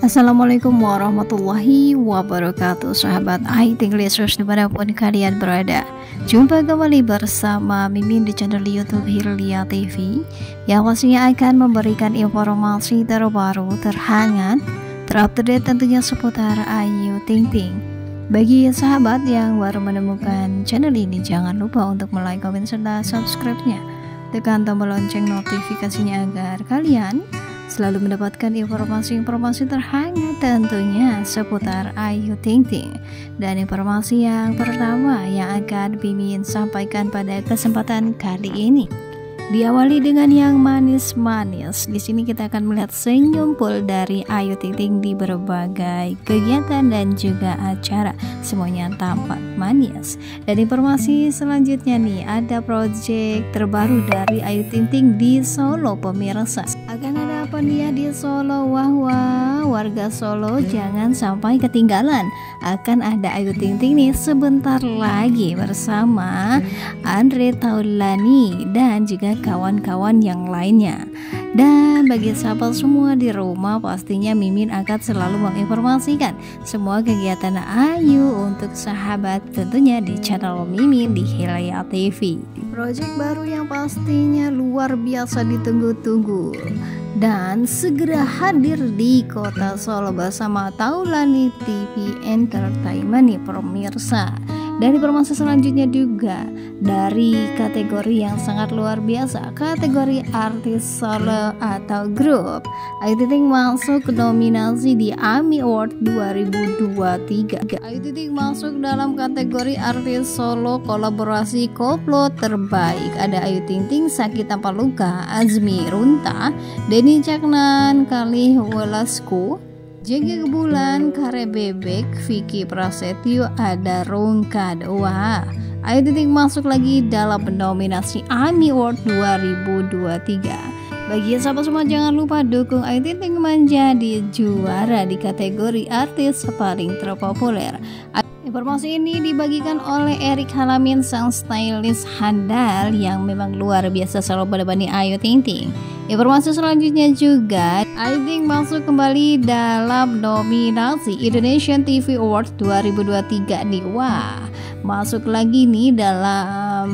Assalamualaikum warahmatullahi wabarakatuh Sahabat IT Listeners dimanapun kalian berada Jumpa kembali bersama Mimin di channel Youtube Hirlia TV Yang pastinya akan memberikan informasi terbaru, terhangat, terupdate tentunya seputar Ayu Ting Ting bagi sahabat yang baru menemukan channel ini, jangan lupa untuk like, komen, serta subscribe-nya. Tekan tombol lonceng notifikasinya agar kalian selalu mendapatkan informasi-informasi terhangat tentunya seputar Ayu Ting Ting. Dan informasi yang pertama yang akan Bimin sampaikan pada kesempatan kali ini. Diawali dengan yang manis-manis. Di sini kita akan melihat senyum pul dari Ayu Ting Ting di berbagai kegiatan dan juga acara. Semuanya tampak manis. Dan informasi selanjutnya nih, ada proyek terbaru dari Ayu Ting Ting di Solo pemirsa. Akan ada Pendia di Solo Wah wah Warga Solo jangan sampai ketinggalan Akan ada Ayu Ting Ting nih sebentar lagi Bersama Andre Taulani dan juga kawan-kawan yang lainnya dan bagi sahabat semua di rumah pastinya Mimin akan selalu menginformasikan semua kegiatan Ayu untuk sahabat tentunya di channel Mimin di Hilaya TV. Project baru yang pastinya luar biasa ditunggu-tunggu dan segera hadir di kota Solo bersama Taulani TV Entertainment nih pemirsa. Dari permasalahan selanjutnya juga dari kategori yang sangat luar biasa, kategori artis solo atau grup. Ayu Ting masuk ke nominasi di AMI Award 2023. Ayu Ting masuk dalam kategori artis solo kolaborasi koplo terbaik. Ada Ayu Ting Ting, Sakit Tanpa Luka, Azmi Runta, Denny Caknan, Kali Welasku, Jaga bulan kare bebek Vicky Prasetyo ada rungkad Wah Ayu Titik masuk lagi dalam nominasi AMI Award 2023 Bagi yang sahabat semua jangan lupa dukung Ayu Titik menjadi juara di kategori artis paling terpopuler Informasi ini dibagikan oleh Erik Halamin sang stylist handal yang memang luar biasa selalu berbanding Ayu Ting Ting. Informasi selanjutnya juga Ayu Ting masuk kembali dalam nominasi Indonesian TV Awards 2023 nih. Wah, masuk lagi nih dalam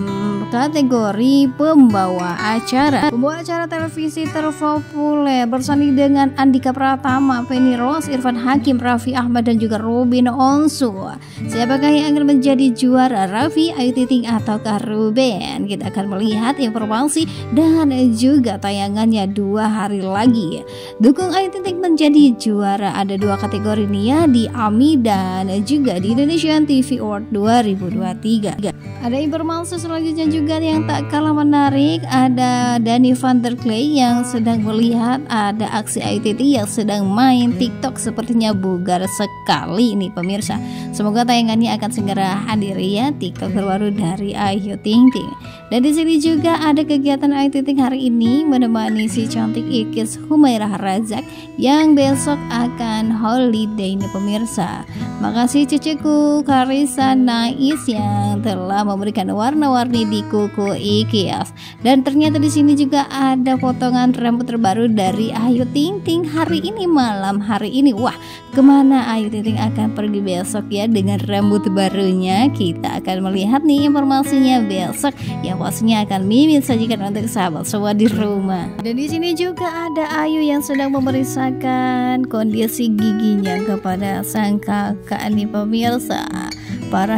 kategori pembawa acara. Pembawa acara televisi terpopuler bersanding dengan Andika Pratama, Penny Rose, Irfan Hakim, Raffi Ahmad dan juga Robin Onsu. Siapakah yang akan menjadi juara Raffi, Ayu Titing ataukah Ruben? Kita akan melihat informasi dan juga tayangannya dua hari lagi. Dukung Ayu Titing menjadi juara ada dua kategori nih ya di AMI dan juga di Indonesian TV Award 2023. Ada informasi selanjutnya juga juga yang tak kalah menarik ada Dani Van Der Klee yang sedang melihat ada aksi ITT yang sedang main TikTok sepertinya bugar sekali nih pemirsa. Semoga tayangannya akan segera hadir ya TikTok terbaru dari Ayu Ting Ting. Dan di sini juga ada kegiatan Ayu Ting hari ini menemani si cantik Ikis Humairah Razak yang besok akan holiday nih pemirsa. Makasih cuciku Karisa Nais yang telah memberikan warna-warni di kuku ikil Dan ternyata di sini juga ada potongan rambut terbaru dari Ayu Ting Ting hari ini malam hari ini. Wah, kemana Ayu Ting Ting akan pergi besok ya dengan rambut barunya? Kita akan melihat nih informasinya besok ya pastinya akan Mimin sajikan untuk sahabat semua di rumah. Dan di sini juga ada Ayu yang sedang memeriksakan kondisi giginya kepada sang kakak nih pemirsa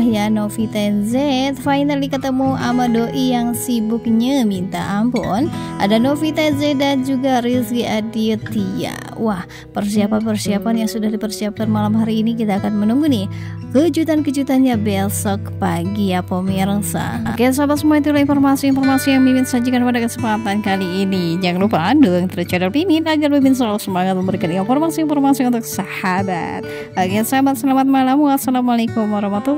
ya Novi Z finally ketemu sama Doi yang sibuknya minta ampun Ada Novi Z dan juga Rizky Aditya Wah persiapan-persiapan yang sudah dipersiapkan malam hari ini kita akan menunggu nih Kejutan-kejutannya besok pagi ya pemirsa Oke sahabat semua itulah informasi-informasi yang Mimin sajikan pada kesempatan kali ini Jangan lupa dukung terus channel Mimin agar Mimin selalu semangat memberikan informasi-informasi untuk sahabat Oke sahabat selamat malam Wassalamualaikum warahmatullahi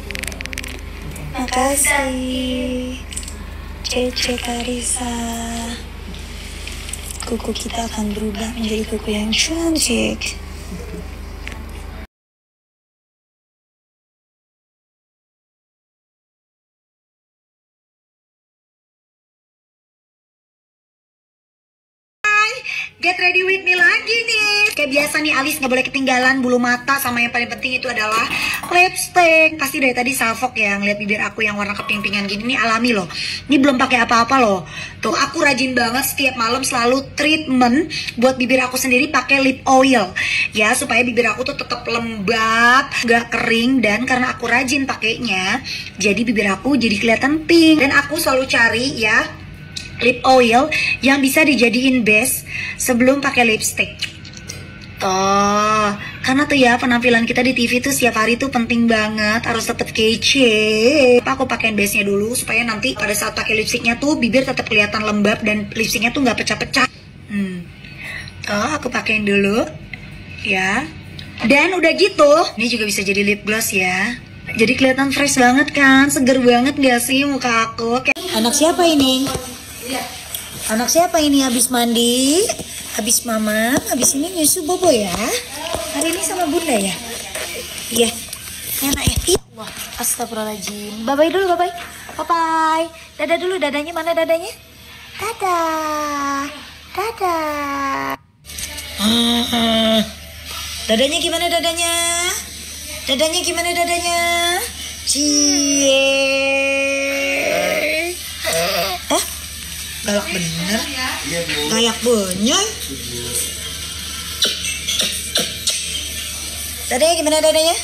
kasih Cece Karisa Kuku kita akan berubah menjadi kuku yang cantik biasa nih alis nggak boleh ketinggalan bulu mata sama yang paling penting itu adalah lipstick pasti dari tadi savok ya ngeliat bibir aku yang warna keping-pingan gini ini alami loh ini belum pakai apa-apa loh tuh aku rajin banget setiap malam selalu treatment buat bibir aku sendiri pakai lip oil ya supaya bibir aku tuh tetap lembab gak kering dan karena aku rajin pakainya jadi bibir aku jadi kelihatan pink dan aku selalu cari ya lip oil yang bisa dijadiin base sebelum pakai lipstick toh karena tuh ya penampilan kita di TV tuh setiap hari tuh penting banget harus tetap kece apa aku pakein base nya dulu supaya nanti pada saat pakai lipstiknya tuh bibir tetap kelihatan lembab dan lipstiknya tuh nggak pecah-pecah hmm. Oh, aku pakein dulu ya dan udah gitu ini juga bisa jadi lip gloss ya jadi kelihatan fresh banget kan seger banget gak sih muka aku Kayak... anak siapa ini anak siapa ini habis mandi Habis mama, habis ini nyusu bobo ya. Hari ini sama bunda ya. Iya. Enak iya, ya. wah Astagfirullahaladzim. Bye-bye dulu, bye-bye. Bye-bye. Dadah dulu, dadanya mana dadanya? Dadah. Dadah. Ah, Dadanya gimana dadanya? Dadanya gimana dadanya? Cie. Eh, galak bener kayak bunyi dadanya gimana dadanya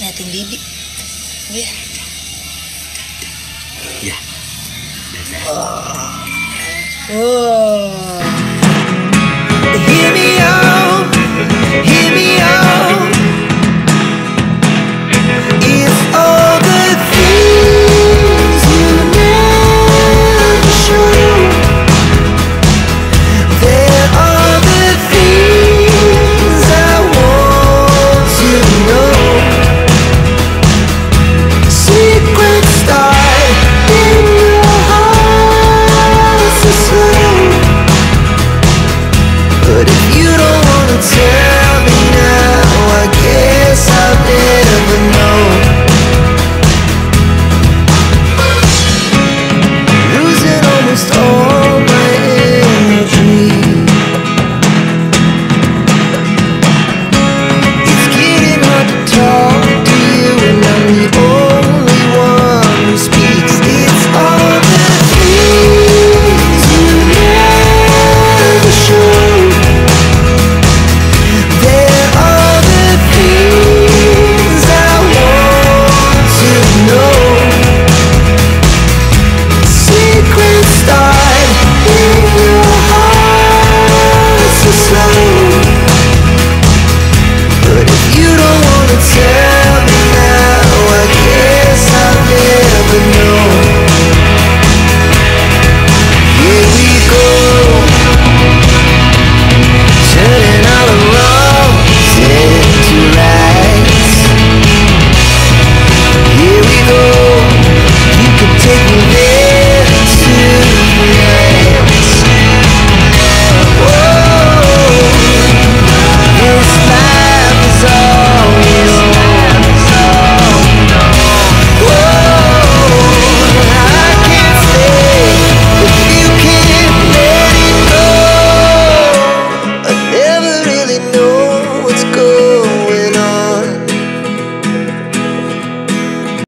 liatin bibi Iya ya oh. oh. Hear me out, hear me out.